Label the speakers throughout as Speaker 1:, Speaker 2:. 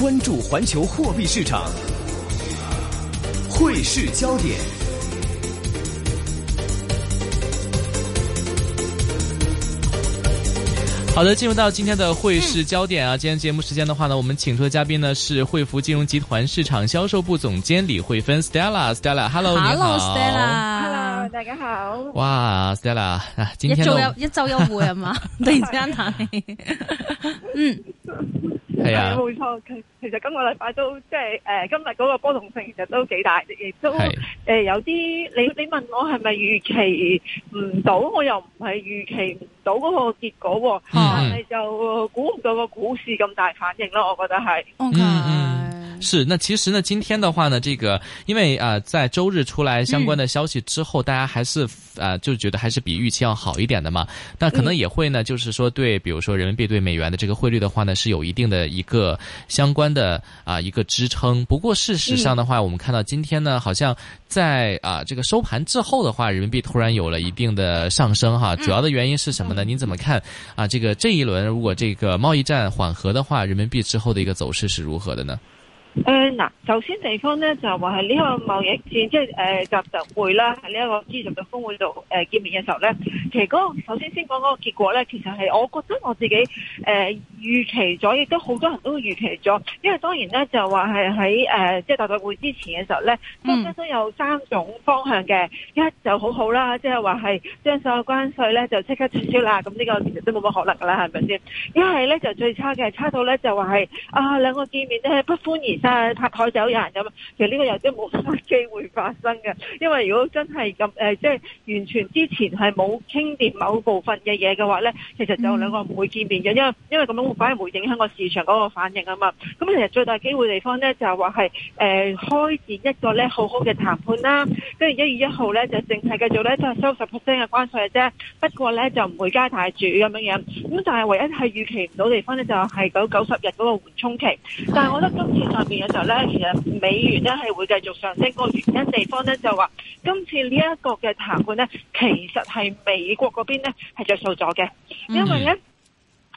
Speaker 1: 關注環球貨幣市場，匯市焦點。好的，進入到今天的匯市焦點啊！今天節目時間的話呢，我們請出的嘉賓呢是匯福金融集團市場銷售部總監李慧芬，Stella，Stella，Hello，Hello，Stella，Hello，大家好。哇，Stella 啊，今天
Speaker 2: 一周一周一回啊嘛，突然之間。
Speaker 1: 嗯，係啊，冇
Speaker 3: 錯。其其實今個禮拜都即係誒，今日嗰個波動性其實都幾大，亦都誒、呃、有啲你你問我係咪預期唔到，我又唔係預期唔到嗰個結果，但、嗯、係就估唔到個股市咁大反應咯。我覺得係，嗯、okay. 嗯。
Speaker 1: 是，那其實呢，今天的話呢，這個因為啊、呃，在周日出來相關的消息之後，嗯、大家還是啊、呃、就覺得還是比預期要好一點的嘛。但可能也會呢，就是說對，比如說人民幣對美元的這個匯率的話呢，是有一定的一個相關的啊、呃、一個支撐。不過事實上的話，我們看到今天呢，好像在啊、呃、這個收盤之後的話，人民幣突然有了一定的上升哈。主要的原因是什麼呢？您怎麼看啊、呃？這個這一輪如果這個貿易戰緩和的話，人民幣之後的一個走勢是如何的呢？
Speaker 3: 誒、呃、嗱，首先地方咧就話係呢個貿易戰，即係誒習習會啦，喺呢一個資組嘅峯會度誒見面嘅時候咧，其實嗰、嗰個首先先講嗰個結果咧，其實係我覺得我自己誒、呃、預期咗，亦都好多人都預期咗，因為當然咧就話係喺誒即係習習會之前嘅時候咧，都都、嗯、都有三種方向嘅，一就好好啦，即係話係將所有關稅咧就即刻取消啦，咁呢個其實都冇乜可能噶啦，係咪先？一係咧就最差嘅，差到咧就話係啊兩個見面咧不歡而誒拍台走人咁，其實呢個又都冇乜機會發生嘅，因為如果真係咁誒，即係完全之前係冇傾掂某部分嘅嘢嘅話咧，其實就兩個唔會見面嘅，因為因為咁樣會反而唔會影響個市場嗰個反應啊嘛。咁其實最大機會地方咧就係話係誒開展一個咧好好嘅談判啦，跟住一月一號咧就淨係繼續咧都係收十 percent 嘅關稅嘅啫，不過咧就唔會加大住咁樣樣。咁但係唯一係預期唔到地方咧就係九九十日嗰個緩衝期，但係我覺得今次在嘅時候咧，其實美元咧係會繼續上升，個原因地方咧就話今次呢一個嘅談判咧，其實係美國嗰邊咧係着數咗嘅，因為咧。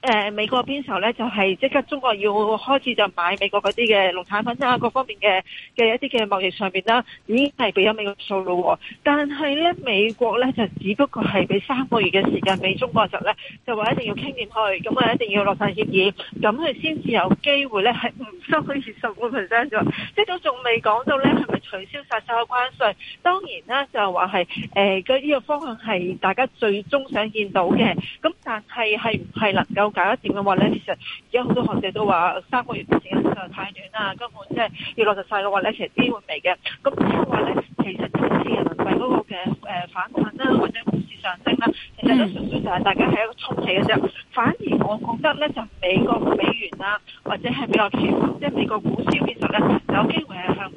Speaker 3: 誒、呃、美國邊時候咧就係、是、即刻中國要開始就買美國嗰啲嘅農產品啊，各方面嘅嘅一啲嘅貿易上邊啦，已經係俾咗美國數咯、哦。但係咧美國咧就只不過係俾三個月嘅時間俾中國就咧，就話一定要傾掂佢，咁啊一定要落晒協議，咁佢先至有機會咧係唔收佢二十個 percent 啫。即係都仲未講到咧係咪取消殺手嘅關稅。當然啦，就話係誒嘅呢個方向係大家最終想見到嘅。咁但係係唔係能夠？大家點樣話咧？其實而家好多學者都話三個月時間太短啦，根本即係要落實晒嘅話咧，其實機會未嘅。咁另外話咧，其實今次人民幣嗰個嘅反彈啦、啊，或者股市上升啦、啊，其實都純粹就係大家喺一個沖喜嘅啫。反而我覺得咧，就美國美元啦、啊，或者係比較全球即係美國股市其實咧，有機會係向。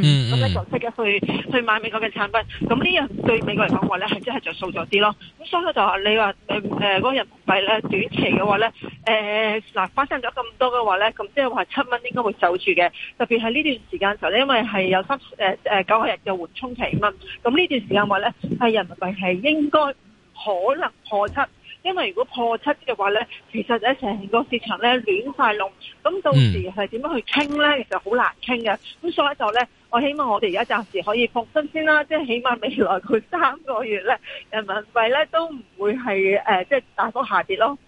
Speaker 3: 咁呢就即係去去買美國嘅產品，咁呢樣對美國嚟講話呢，係真係著數咗啲囉。咁所以咧就話你話誒誒嗰個人民幣呢，短期嘅話呢，誒嗱發生咗咁多嘅話呢，咁即係話七蚊應該會守住嘅。特別係呢段時間嘅時候咧，因為係有三誒誒九個日嘅緩衝期咁啊，咁呢段時間話呢，係人民幣係應該可能破七。因為如果破七嘅話咧，其實咧成個市場咧亂晒龍，咁到時係點樣去傾咧，其實好難傾嘅。咁所以就咧，我希望我哋而家暫時可以放心先啦，即係起碼未來佢三個月咧，人民幣咧都唔會係誒即係大幅下跌咯。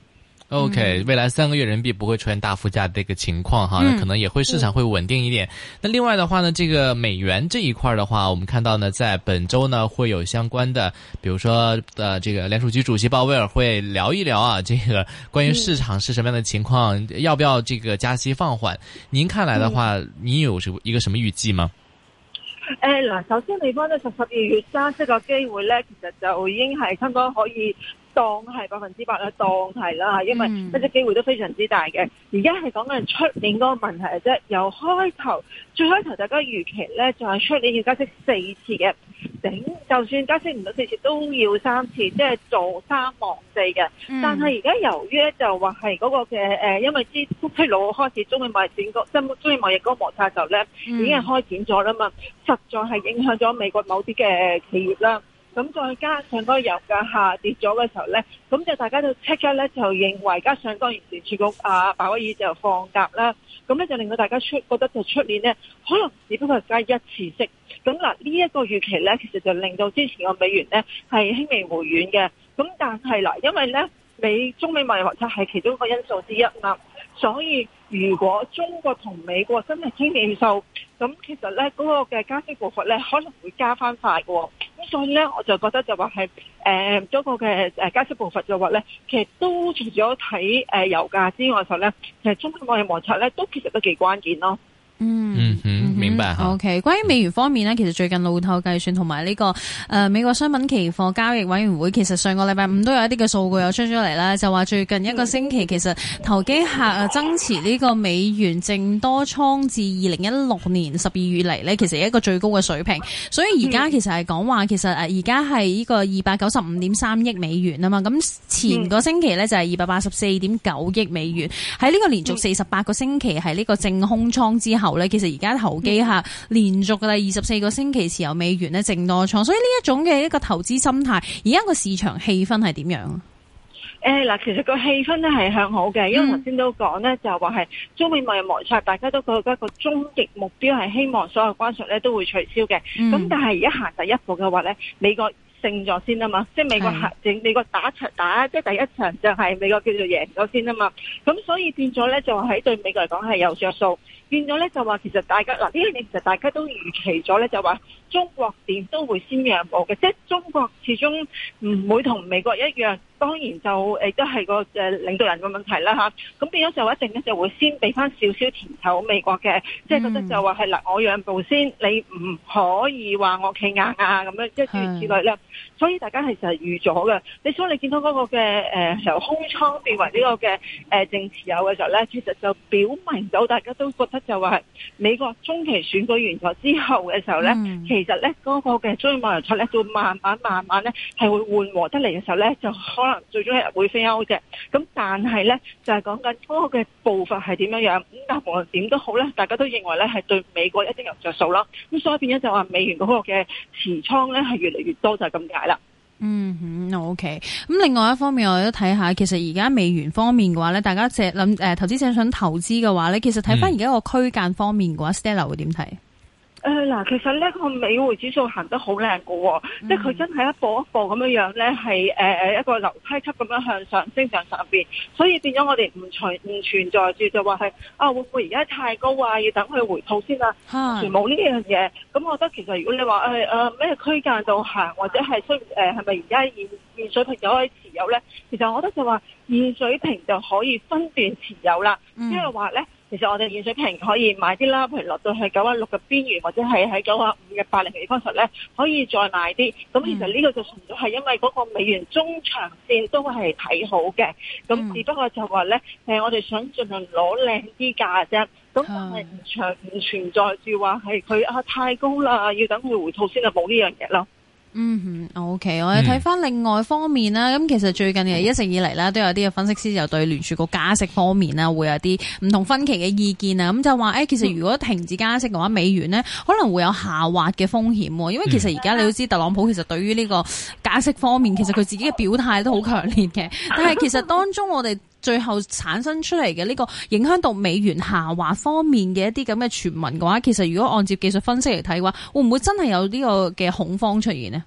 Speaker 1: OK，未來三個月人民幣不會出現大幅價的一個情況哈、嗯，可能也會市場會穩定一點、嗯嗯。那另外的話呢，這個美元這一塊的話，我們看到呢，在本周呢會有相關的，比如說呃，這個聯儲局主席鮑威爾會聊一聊啊，這個關於市場是什麼樣的情況、嗯，要不要這個加息放緩？您看來的話，嗯、您有什麼一個什麼預計嗎？誒、呃，那首先你講
Speaker 3: 到十十二月加息個機會呢，其實就已經係差唔多可以。當係百分之百啦當係啦，因為嗰隻機會都非常之大嘅。而家係講緊出年嗰個問題嘅啫，由開頭最開頭大家預期咧，就係出年要加息四次嘅，整就算加息唔到四次都要三次，即係做三望四嘅、嗯。但係而家由於咧就話係嗰個嘅誒、呃，因為資科技佬開始中美貿易整個、中中美貿易嗰個摩擦就呢咧、嗯，已經係開展咗啦嘛，實在係影響咗美國某啲嘅企業啦。咁再加上嗰個油價下跌咗嘅時候咧，咁就大家都即刻咧就認為，加上當時聯儲局啊鮑威爾就放鴿啦，咁咧就令到大家出覺得就出年咧可能只不過加一次息。咁嗱呢一個預期咧，其實就令到之前個美元咧係輕微回軟嘅。咁但係嗱，因為咧美中美貿易摩擦係其中一個因素之一啦，所以如果中國同美國真係傾掂數，咁其實咧嗰個嘅加息步伐咧可能會加翻快喎。所以呢，我就覺得就話係誒嗰個嘅加息步伐就話呢，其實都除咗睇油價之外嘅話咧，其實中美外貿摩擦呢，都其實都幾關鍵囉。嗯。
Speaker 2: 明白。嗯、o、okay、K，關於美元方面呢，其實最近路透計算同埋呢個誒、呃、美國商品期貨交易委員會，其實上個禮拜五都有一啲嘅數據又出咗嚟啦，就話最近一個星期、嗯、其實投機客增持呢個美元淨多倉至二零一六年十二月嚟呢，其實一個最高嘅水平。所以而家其實係講話其實而家係呢個二百九十五點三億美元啊嘛，咁前個星期呢，就係二百八十四點九億美元，喺呢個連續四十八個星期係呢個淨空倉之後呢，其實而家投機下連續嘅第二十四個星期持有美元咧淨多倉，所以呢一種嘅一個投資心態，而家個市場氣氛係點樣啊？
Speaker 3: 誒嗱，其實個氣氛咧係向好嘅，因為頭先都講呢，就話係中美貿易摩擦，大家都覺得一個終極目標係希望所有關稅咧都會取消嘅，咁但係而家行第一步嘅話呢，美國。勝咗先啊嘛，即係美國係整美國打場打，即係第一場就係美國叫做贏咗先啊嘛，咁所以變咗咧就喺對美國嚟講係有着數，變咗咧就話其實大家嗱，呢一點其實大家都預期咗咧就話中國點都會先讓步嘅，即係中國始終唔會同美國一樣。當然就誒都係個誒領導人嘅問題啦嚇，咁變咗就一定咧就會先俾翻少少甜頭美國嘅，即係覺得就話係嗱，我讓步先，你唔可以話我企硬啊咁樣，即係諸如此類啦。所以大家其實係預咗嘅。你所你見到嗰個嘅誒由空倉變為呢個嘅誒淨持有嘅時候咧，其實就表明到大家都覺得就話係美國中期選舉完咗之後嘅時候咧、嗯，其實咧嗰個嘅中美貿易摩擦咧，到慢慢慢慢咧係會緩和得嚟嘅時候咧就可。可能最終係會飛歐嘅，咁但係咧就係講緊嗰個嘅步伐係點樣樣，咁但無論點都好咧，大家都認為咧係對美國一定有着數啦，咁所以變咗就話美元嗰個嘅持倉咧係越嚟越多就係咁解啦。嗯
Speaker 2: 哼，OK，咁另外一方面我哋都睇下，其實而家美元方面嘅話咧，大家淨諗誒，投資者想投資嘅話咧，其實睇翻而家個區間方面嘅話，嗯，Stella 會點睇？
Speaker 3: 誒、呃、嗱，其實呢個美匯指數行得好靚㗎，即係佢真係一步一步咁樣樣咧，係誒誒一個樓梯級咁樣向上升向上上邊，所以變咗我哋唔存唔存在住就話係啊，會唔會而家太高啊，要等佢回吐先啦，啊、全冇呢樣嘢。咁我覺得其實如果你話誒誒咩區間度行或者係需誒係咪而家現現，現水平就可以持有咧？其實我覺得就話現水平就可以分段持有啦，嗯，因為話咧。其實我哋現水平可以買啲啦，譬如落到去九啊六嘅邊緣，或者係喺九啊五嘅八零地方咧，可以再買啲。咁其實呢個就純粹係因為嗰個美元中長線都係睇好嘅。咁只不過就話咧，誒、嗯呃，我哋想盡量攞靚啲價啫。咁但係唔長唔、嗯、存在住話係佢啊太高啦，要等佢回吐先啊，冇呢樣嘢咯。
Speaker 2: 嗯哼，OK，我哋睇翻另外方面啦。咁、嗯、其實最近嘅一直以嚟啦，都有啲嘅分析師就對聯儲局加息方面啦，會有啲唔同分歧嘅意見啊。咁就話、是、誒、欸，其實如果停止加息嘅話，美元呢可能會有下滑嘅風險。因為其實而家你都知，特朗普其實對於呢個加息方面，其實佢自己嘅表態都好強烈嘅。但係其實當中我哋。最後產生出嚟嘅呢個影響到美元下滑方面嘅一啲咁嘅傳聞嘅話，其實如果按照技術分析嚟睇嘅話，會唔會真係有呢個嘅恐慌出現呢？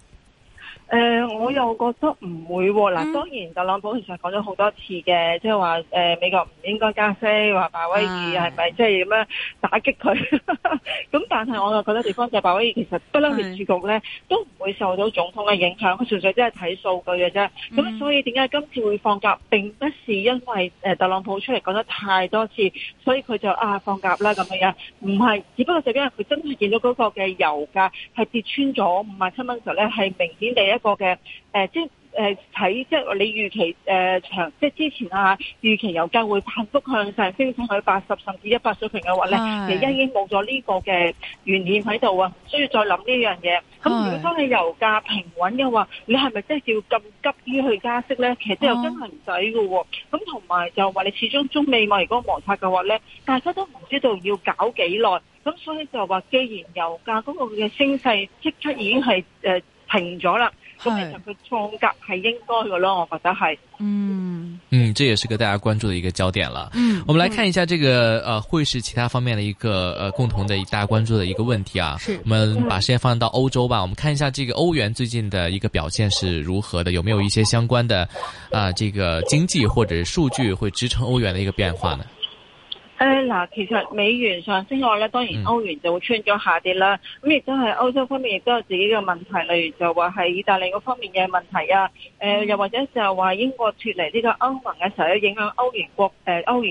Speaker 3: 誒、呃，我又覺得唔會喎。嗱，當然特朗普其實講咗好多次嘅，即係話誒美國唔應該加息，話鮑威爾係咪即係咁樣打擊佢？咁 但係我又覺得地方就鮑威爾其實呢不嬲，聯儲局咧都唔會受到總統嘅影響，純粹只係睇數據嘅啫。咁、嗯、所以點解今次會放假？並不是因為誒、呃、特朗普出嚟講得太多次，所以佢就啊放假啦咁樣。唔係，只不過就因為佢真係見到嗰個嘅油價係跌穿咗五萬七蚊嘅時候咧，係明顯第一。嗰個嘅誒、呃、即係誒睇即係你預期誒長、呃、即係之前啊預期油價會反覆向上升升去八十甚至一百水平嘅話咧，其實已經冇咗呢個嘅原點喺度啊，唔需要再諗呢樣嘢。咁如果當你油價平穩嘅話，你係咪真係要咁急於去加息咧？其實真係又真係唔使嘅喎。咁同埋就話你始終中美貿易嗰個摩擦嘅話咧，大家都唔知道要搞幾耐，咁所以就話既然油價嗰個嘅升勢即出已經係誒、呃、停咗啦。咁其實佢創格係應該
Speaker 1: 嘅咯，我覺得係。嗯嗯，這也是個大家關注的一個焦點了。嗯，我們來看一下這個，呃，會是其他方面的一個，呃，共同的大家關注的一個問題啊。是，我們把時間放到歐洲吧。我們看一下這個歐元最近的一個表現是如何的，有沒有一些相關的，啊、呃，這個經濟或者是數據會支撐歐元的一個變化呢？
Speaker 3: 誒嗱，其實美元上升嘅話咧，當然歐元就會穿咗下跌啦。咁亦都係歐洲方面亦都有自己嘅問題，例如就話係意大利嗰方面嘅問題啊。誒、呃，又或者就話英國脱離呢個歐盟嘅時候影響歐元國誒歐、呃、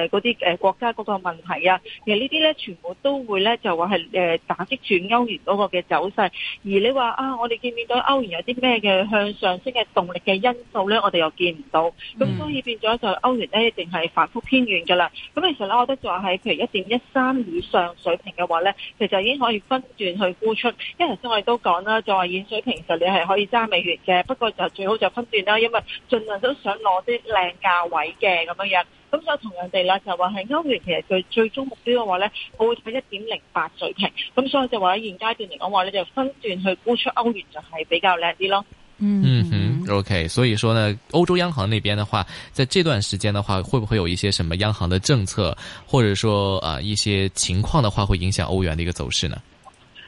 Speaker 3: 元誒嗰啲誒國家嗰個問題啊。其實呢啲咧，全部都會咧就話係誒打擊住歐元嗰個嘅走勢。而你話啊，我哋見唔見到歐元有啲咩嘅向上升嘅動力嘅因素咧，我哋又見唔到。咁所以變咗就歐元咧，一定係反覆偏軟㗎啦。咁其實我覺得就話係，譬如一點一三以上水平嘅話咧，其實已經可以分段去沽出。因為頭先我哋都講啦，就話現水平其實你係可以揸美元嘅，不過就最好就分段啦，因為儘量都想攞啲靚價位嘅咁樣樣。咁所以同樣地啦就話係歐元，其實佢最終目標嘅話咧，我會睇一點零八水平。咁所以就話喺現階段嚟講話咧，就分段去沽出歐元就係比較靚啲咯。嗯。
Speaker 1: OK，所以說呢，歐洲央行那邊的話，在這段時間的話，會不會有一些什麼央行的政策，或者說啊、呃、一些情況的話，會影響歐元的一個走勢呢？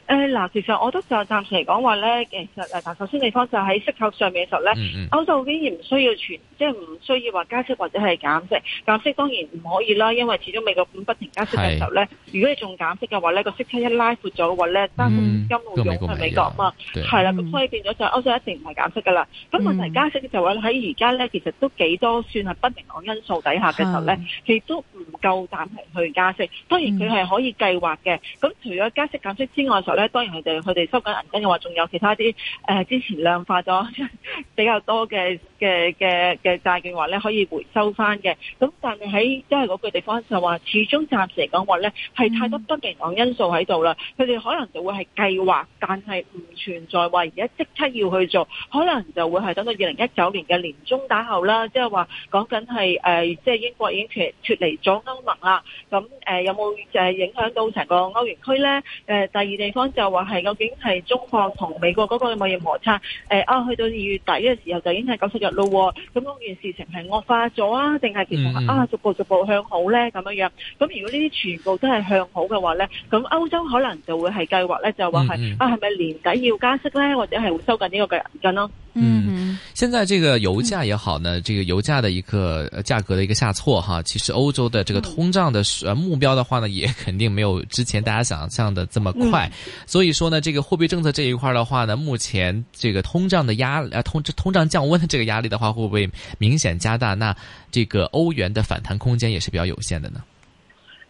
Speaker 3: 嗱、呃，其實我都就暫時嚟講話咧，其實嗱，首先地方就喺息口上面嘅時候咧、嗯嗯，歐洲仍然唔需要全，即係唔需要話加息或者係減息。減息當然唔可以啦，因為始終美國本不停加息嘅時候咧，如果你仲減息嘅話咧，個息差一拉闊咗嘅話咧，真、嗯、金會湧去美國啊嘛，係啦，咁所以變咗就歐洲一定唔係減息㗎啦。咁、嗯、問題加息嘅時候咧，喺而家咧其實都幾多算係不明朗因素底下嘅時候咧，亦、嗯、都唔夠膽去加息。當然佢係可以計劃嘅。咁、嗯、除咗加息減息之外當然，佢哋佢哋收緊銀根嘅話，仲有其他啲誒、呃，之前量化咗比較多嘅。嘅嘅嘅債券話咧可以回收翻嘅，咁但係喺即係嗰個地方就話，始終暫時嚟講話咧係太多不明朗因素喺度啦。佢、嗯、哋可能就會係計劃，但係唔存在話而家即刻要去做，可能就會係等到二零一九年嘅年中打後啦。即係話講緊係誒，即、呃、係英國已經脫脫離咗歐盟啦。咁、嗯、誒、呃、有冇誒影響到成個歐元區咧？誒、呃、第二地方就話係究竟係中國同美國嗰個貿易摩擦誒、呃？啊去到二月底嘅時候就已經係九十咯、嗯，咁嗰件事情係惡化咗啊，定係其實啊，逐步逐步向好咧咁樣樣。咁如果呢啲全部都係向好嘅話咧，咁歐洲可能就會係計劃咧，就話係啊，係咪年底要加息咧，或者係會收緊呢個銀根咯？嗯，
Speaker 1: 現在這個油價也好呢，這個油價的一個價、啊、格的一個下挫哈，其實歐洲的這個通脹的目標的話呢，也肯定沒有之前大家想象的這麼快。所以說呢，這個貨幣政策這一塊的話呢，目前這個通脹的壓，啊、通通脹降溫的這個壓。壓力的話會不會明顯加大？那這個歐元的反彈空間也是比較有限的呢？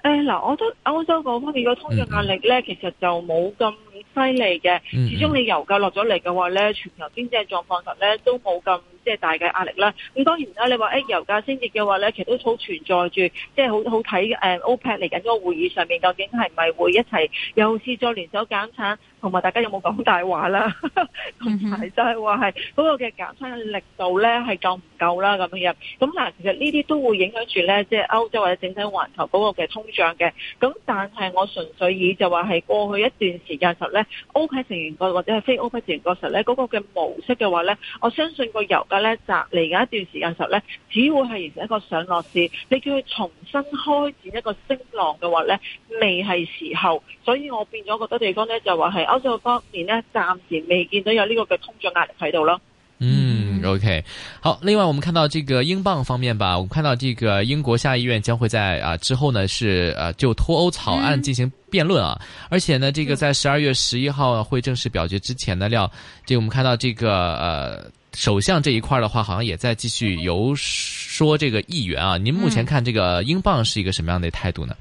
Speaker 3: 誒，嗱，我覺得歐洲方面嘅通脹壓力咧，其實就冇咁犀利嘅。始終你油價落咗嚟嘅話咧，全球經濟狀況實咧都冇咁。即、就、係、是、大嘅壓力啦。咁當然啦，你話誒油價升跌嘅話咧，其實都好存在住，即係好好睇誒 o p 嚟緊個會議上面究竟係咪會一齊又試再聯手減產，同埋大家有冇講大話啦？ 同埋就係話係嗰個嘅減產嘅力度咧係夠唔夠啦咁樣。咁嗱，其實呢啲都會影響住咧，即係歐洲或者整體環球嗰個嘅通脹嘅。咁但係我純粹以就話係過去一段時間實咧 o p e 成員國或者係非 o 派成員國實咧嗰個嘅模式嘅話咧，我相信個油嘅咧，隔嚟嘅一段時間嘅時候呢，只會係形成一個上落市。你叫佢重新開展一個升浪嘅話呢，未係時候。所以我變咗覺得地方呢，就話係歐洲方面呢，暫時未見到有呢個嘅通脹壓力喺度咯。
Speaker 1: 嗯，OK，好。另外，我們看到這個英鎊方面吧，我們看到這個英國下議院將會在啊之後呢，是、啊、就脱歐草案進行辯論啊。嗯、而且呢，這個在十二月十一號會正式表決之前呢，料，這我們看到這個呃。首相這一塊的話，好像也在繼續游說這個議員啊。您目前看這個英鎊是一個什麼樣的態度呢？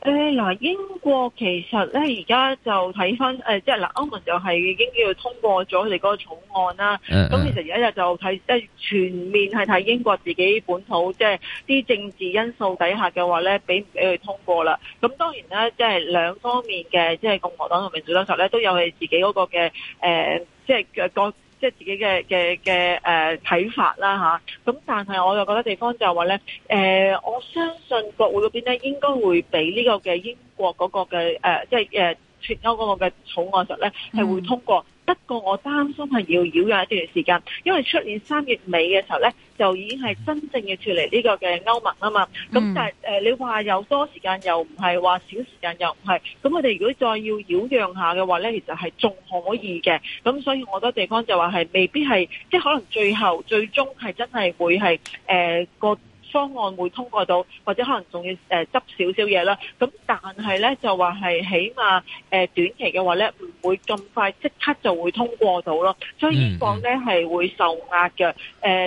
Speaker 1: 誒、嗯，
Speaker 3: 嗱、嗯，英國其實呢，而家就睇返，誒、呃，即係嗱，歐盟就係已經要通過咗佢哋嗰個草案啦。咁、嗯嗯、其實而家就睇即係全面係睇英國自己本土，即係啲政治因素底下嘅話呢，俾唔俾佢通過啦？咁當然呢，即係兩方面嘅，即、就、係、是、共和黨同民主黨時候咧，都有佢自己嗰個嘅，誒、呃，即、就、係、是、各。即、就、係、是、自己嘅嘅嘅誒睇法啦吓，咁，但係我又覺得地方就係話咧，誒、呃、我相信國會嗰邊咧應該會俾呢個嘅英國嗰個嘅誒，即係誒脫歐嗰個嘅草案上咧係會通過。嗯不過，我擔心係要擾攘一段時間，因為出年三月尾嘅時候咧，就已經係真正要脫離呢個嘅歐盟啊嘛。咁、嗯、但係你話有多時間又唔係話少時間又唔係，咁我哋如果再要擾攘下嘅話咧，其實係仲可以嘅。咁所以，我覺得地方就話係未必係，即係可能最後最終係真係會係誒個。呃方案會通過到，或者可能仲要執少少嘢啦。咁、呃、但係咧就話係起碼、呃、短期嘅話咧，唔會咁快即刻就會通過到咯。所以英鎊咧係會受壓嘅，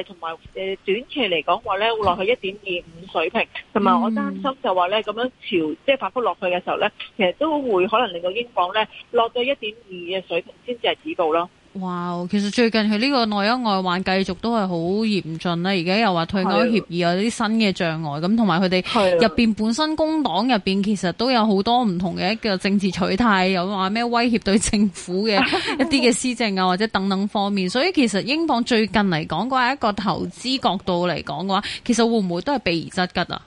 Speaker 3: 同、呃、埋、呃、短期嚟講話咧會落去一點二五水平，同埋我擔心就話咧咁樣朝即係反覆落去嘅時候咧，其實都會可能令到英鎊咧落到一點二嘅水平先至係止步咯。
Speaker 2: 哇、wow！其實最近佢呢個內憂外患繼續都係好嚴峻啦。而家又話退歐協議有啲新嘅障礙。咁同埋佢哋入邊本身工黨入邊其實都有好多唔同嘅一個政治取態，又話咩威脅對政府嘅一啲嘅施政啊， 或者等等方面，所以其實英鎊最近嚟講，嗰一個投資角度嚟講嘅話，其實會唔會都係避之則吉啊？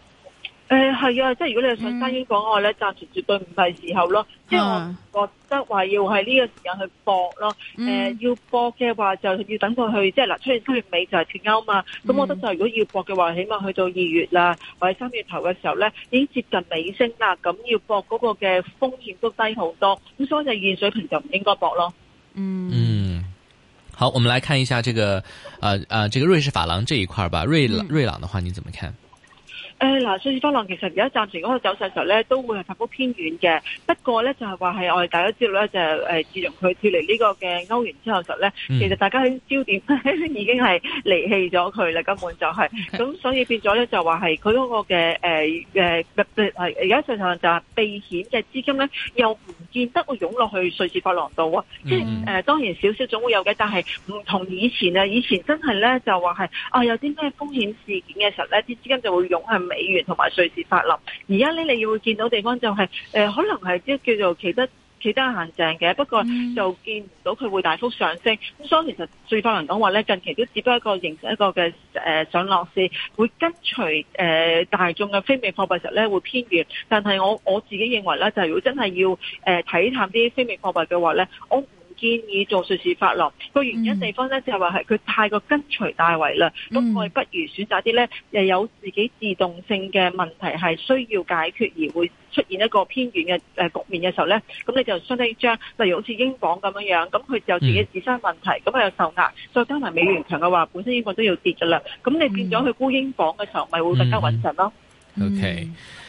Speaker 3: 誒，係啊，即係如果你要上山英講嘅話咧，暫、嗯、時絕對唔係時候咯。即係我覺得話要喺呢個時間去搏咯。誒、嗯呃，要搏嘅話就要等過去，即係嗱，出現三月尾就係脫歐嘛。咁、嗯、我覺得就如果要搏嘅話，起碼去到二月啦，或者三月頭嘅時候咧，已經接近尾聲啦。咁要搏嗰個嘅風險都低好多。咁所以就現水平就唔應該搏咯。嗯，
Speaker 1: 好，我們來看一下這個，啊、呃、啊、呃，這個瑞士法郎這一塊吧。瑞朗、嗯、瑞朗的話，你怎麼看？
Speaker 3: 嗱，瑞士法郎其實而家暫時嗰個走勢嘅時候咧，都會係踏步偏遠嘅。不過咧，就係話係我哋大家知道咧，就係誒自從佢脫離呢個嘅歐元之後，實咧其實大家喺焦點已經係離棄咗佢啦，根本就係咁，所以變咗咧就話係佢嗰個嘅誒誒，而家市場就係避險嘅資金咧，又唔見得會湧落去瑞士法郎度啊。即係誒，當然少少總會有嘅，但係唔同以前啊，以前真係咧就話係啊，有啲咩風險事件嘅時候咧，啲資金就會湧係。美元同埋瑞士法郎，而家咧你要見到地方就係、是、誒、呃，可能係即叫做其得其他限制嘅，不過就見唔到佢會大幅上升。咁所以其實最多人講話咧，近期都只不過一個形成一個嘅誒、呃、上落市，會跟隨誒、呃、大眾嘅非美貨幣，其實咧會偏軟。但係我我自己認為咧，就係、是、如果真係要誒睇、呃、淡啲非美貨幣嘅話咧，我。建議做瑞士法郎，個原因，地方咧就係話係佢太過跟隨大圍啦，咁、嗯、我哋不如選擇啲咧又有自己自動性嘅問題係需要解決而會出現一個偏遠嘅誒局面嘅時候咧，咁你就相當於將例如好似英鎊咁樣樣，咁佢就自己自身問題，咁啊又受壓，再加埋美元強嘅話，本身英鎊都要跌噶啦，咁你變咗去沽英鎊嘅時候，咪會更加穩陣咯。OK。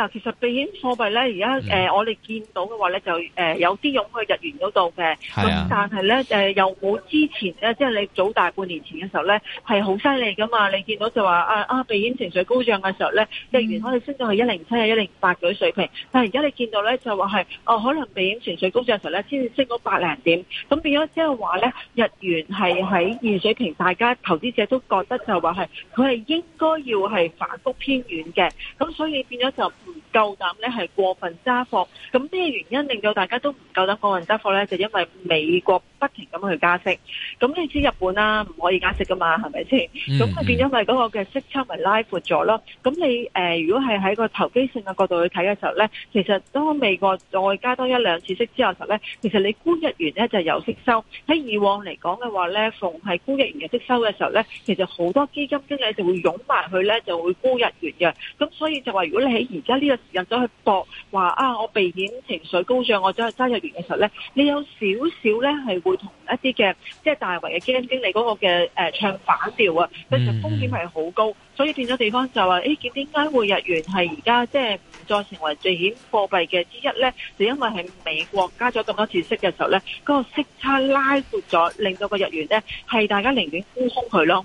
Speaker 3: 嗱，其實避險貨幣咧，而家誒我哋見到嘅話咧，就誒、呃、有啲湧去日元嗰度嘅，咁、啊、但係咧誒又冇之前咧，即係你早大半年前嘅時候咧係好犀利噶嘛，你見到就話啊啊避險情緒高漲嘅時候咧，日元可以升到去一零七、一零八嗰啲水平，嗯、但係而家你見到咧就話係哦，可能避險情緒高漲嘅時候咧，先至升到百零點，咁變咗即係話咧，日元係喺現水平，大家投資者都覺得就話係佢係應該要係反覆偏軟嘅，咁所以變咗就。唔夠膽咧，係過分揸貨。咁咩原因令到大家都唔夠膽過分揸貨咧？就因為美國不停咁去加息。咁你知日本啦、啊，唔可以加息噶嘛，係咪先？咁、mm-hmm. 佢變咗係嗰個嘅息差咪拉闊咗咯。咁你誒、呃，如果係喺個投機性嘅角度去睇嘅時候咧，其實當美國再加多一兩次息之後嘅時候咧，其實你沽日元咧就有息收。喺以往嚟講嘅話咧，逢係沽日元嘅息收嘅時候咧，其實好多基金經理就會湧埋去咧，就會沽日元嘅。咁所以就話如果你喺而家。呢、這個時間走去搏話啊，我避險情緒高漲，我走去揸日元嘅時候咧，你有少少咧係會同一啲嘅即係大圍嘅基金經理嗰個嘅誒、呃、唱反調啊，其實風險係好高，所以變咗地方就話誒，佢點解會日元係而家即係唔再成為最險貨幣嘅之一咧？就因為係美國加咗咁多次息嘅時候咧，嗰、那個息差拉闊咗，令到個日元咧係大家寧願沽空佢咯。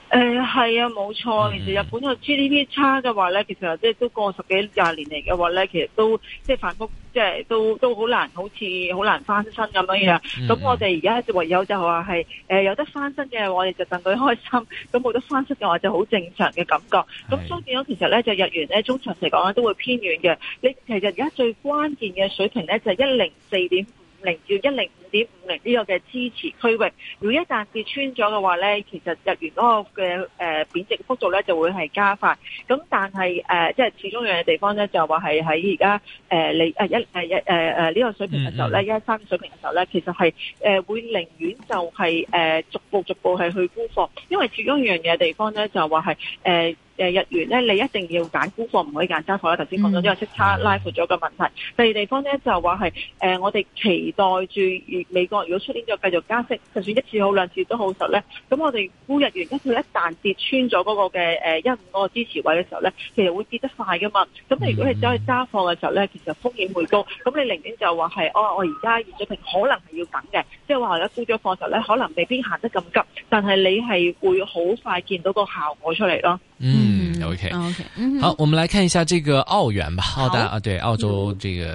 Speaker 3: 係啊，冇錯。其實日本個 GDP 差嘅話咧，其實即係都過十幾廿年嚟嘅話咧，其實都即係反覆，即係都都好難，好似好難翻身咁樣樣。咁 我哋而家就唯有就話係、呃、有得翻身嘅話，我哋就戥佢開心；咁冇得翻身嘅話，就好、是、正常嘅感覺。咁所以變咗其實咧，就日元咧中長期講咧都會偏軟嘅。你其實而家最關鍵嘅水平咧就係一零四點。零至一零五點五零呢個嘅支持區域，如果一旦跌穿咗嘅話咧，其實日元嗰個嘅誒貶值幅度咧就會係加快。咁但係誒，即、呃、係始終有樣嘢地方咧，就話係喺而家誒你誒一誒一誒誒呢個水平嘅時候咧，一三水平嘅時候咧，其實係誒、呃、會寧願就係、是、誒、呃、逐步逐步係去沽貨，因為始終有樣嘢地方咧，就話係誒。日元咧，你一定要揀沽貨，唔可以揀揸貨啦。頭先講咗呢個息差拉闊咗嘅問題。第二地方咧就話係誒，我哋期待住美國如果出年再繼續加息，就算一次好兩次都好實咧，咁我哋沽日元，因為一旦跌穿咗嗰個嘅誒一五嗰個支持位嘅時候咧，其實會跌得快噶嘛。咁你如果係走去揸貨嘅時候咧，其實風險會高。咁你寧願就話係哦，我而家葉祖平可能係要等嘅，即係話一沽咗貨嘅時候咧，可能未必行得咁急，但係你係會好快見到個效果出嚟咯。嗯,嗯，OK，OK，、OK OK、好嗯，
Speaker 1: 我們來看一下這個澳元吧，澳大啊，對，澳洲這個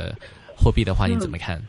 Speaker 1: 貨幣的話、嗯，你怎麼看？嗯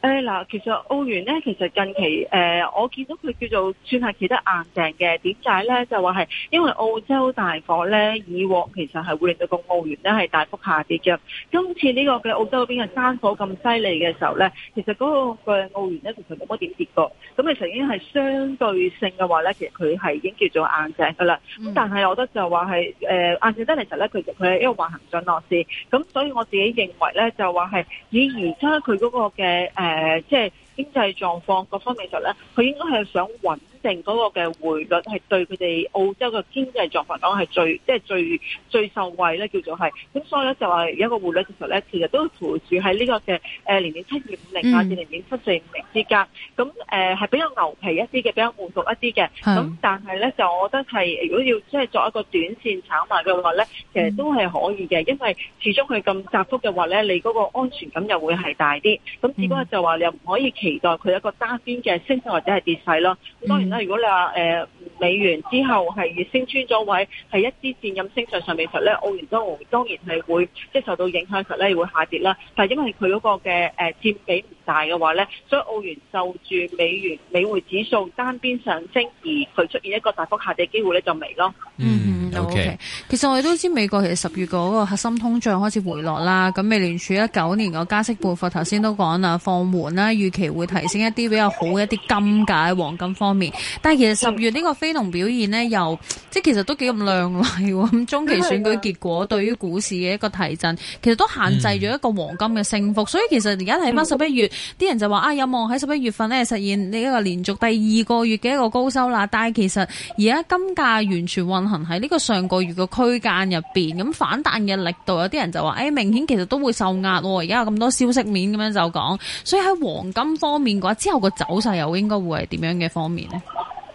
Speaker 3: 誒，嗱，其實澳元咧，其實近期誒、呃，我見到佢叫做算係企得硬淨嘅。點解咧？就話係因為澳洲大火咧，以往其實係會令到個澳元咧係大幅下跌嘅。今次呢個嘅澳洲嗰邊嘅山火咁犀利嘅時候咧，其實嗰個嘅澳元咧其實冇乜點跌過。咁其實已經係相對性嘅話咧，其實佢係已經叫做硬淨噶啦。咁、嗯、但係我覺得就話係誒，硬淨得嚟，其實咧，其實佢係一個橫行上落市。咁所以我自己認為咧，就話係以而家佢嗰個嘅誒。呃誒，即係經濟狀況各方面就咧，佢應該係想揾。淨、那、嗰個嘅匯率係對佢哋澳洲嘅經濟狀況講係最即係、就是、最最受惠咧，叫做係。咁所以咧就話一個匯率呢，其實咧其實都扶住喺呢個嘅誒零點七二五零啊，至零點七四五零之間。咁誒係比較牛皮一啲嘅，比較活躍一啲嘅。咁但係咧就我覺得係如果要即係作一個短線炒賣嘅話咧，其實都係可以嘅、嗯，因為始終佢咁窄幅嘅話咧，你嗰個安全感又會係大啲。咁只不過就話你又唔可以期待佢一個單邊嘅升勢或者係跌勢咯。咁當然。嗯、如果你話、呃、美元之後係升穿咗位，係一支箭咁升上上面，實咧澳元都當然係會即受到影響，實咧會下跌啦。但係因為佢嗰個嘅誒、呃、佔比唔大嘅話咧，所以澳元就住美元美匯指數單邊上升而佢出現一個大幅下跌機會咧就微
Speaker 2: 咯。嗯。O、okay. K，、okay。其實我哋都知道美國其實十月嗰個核心通脹開始回落啦。咁美聯儲一九年個加息步伐頭先都講啦，放緩啦，預期會提升一啲比較好一啲金價喺黃金方面。但係其實十月呢個非農表現呢，又即係其實都幾咁亮麗喎。咁中期選舉結果對於股市嘅一個提振，其實都限制咗一個黃金嘅升幅。所以其實而家睇翻十一月，啲人就話啊，有望喺十一月份呢實現呢一個連續第二個月嘅一個高收啦，但係其實而家金價完全運行喺呢、這個。上個月嘅區間入邊，咁反彈嘅力度，有啲人就話，誒、哎，明顯其實都會受壓喎。而家有咁多消息面咁樣就講，所以喺黃金方面嘅話，之後個走勢又應該會係點樣嘅方面呢？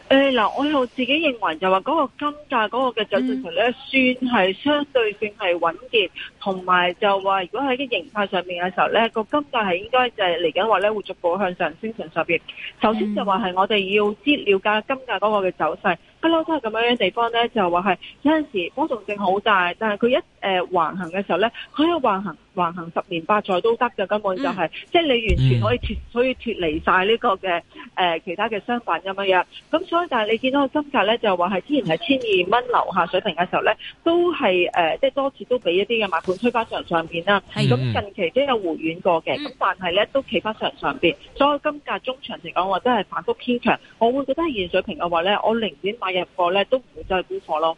Speaker 3: 誒，嗱，我又自己認為就話嗰、個金價嗰個嘅走勢咧、嗯，算係相對性係穩健，同埋就話如果喺個形態上面嘅時候咧，個金價係應該就係嚟緊話咧會逐步向上升向上邊。首先就話係我哋要知了解金價嗰個嘅走勢。不嬲都係咁樣嘅地方咧，就話係有陣時波動性好大，但係佢一誒橫、呃、行嘅時候咧，佢以橫行橫行十年八載都得嘅。根本就係、是嗯，即係你完全可以脫、嗯、可以脫離晒呢個嘅誒、呃、其他嘅商品咁樣。咁所以，但係你見到個金價咧，就話係之前係千二蚊樓下水平嘅時候咧，都係誒、呃，即係多次都俾一啲嘅買盤推翻上上邊啦。咁、嗯、近期都有回軟過嘅，咁、嗯、但係咧都企翻上上邊。所以金價中長期嚟講都係反覆偏強。我會覺得現水平嘅話咧，我寧願買。日貨都唔會再補貨咯。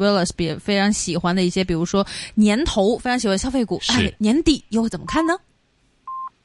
Speaker 2: Willis 比非常喜歡的一些，比如說年頭非常喜歡消費股，哎，年底又會怎麼看呢？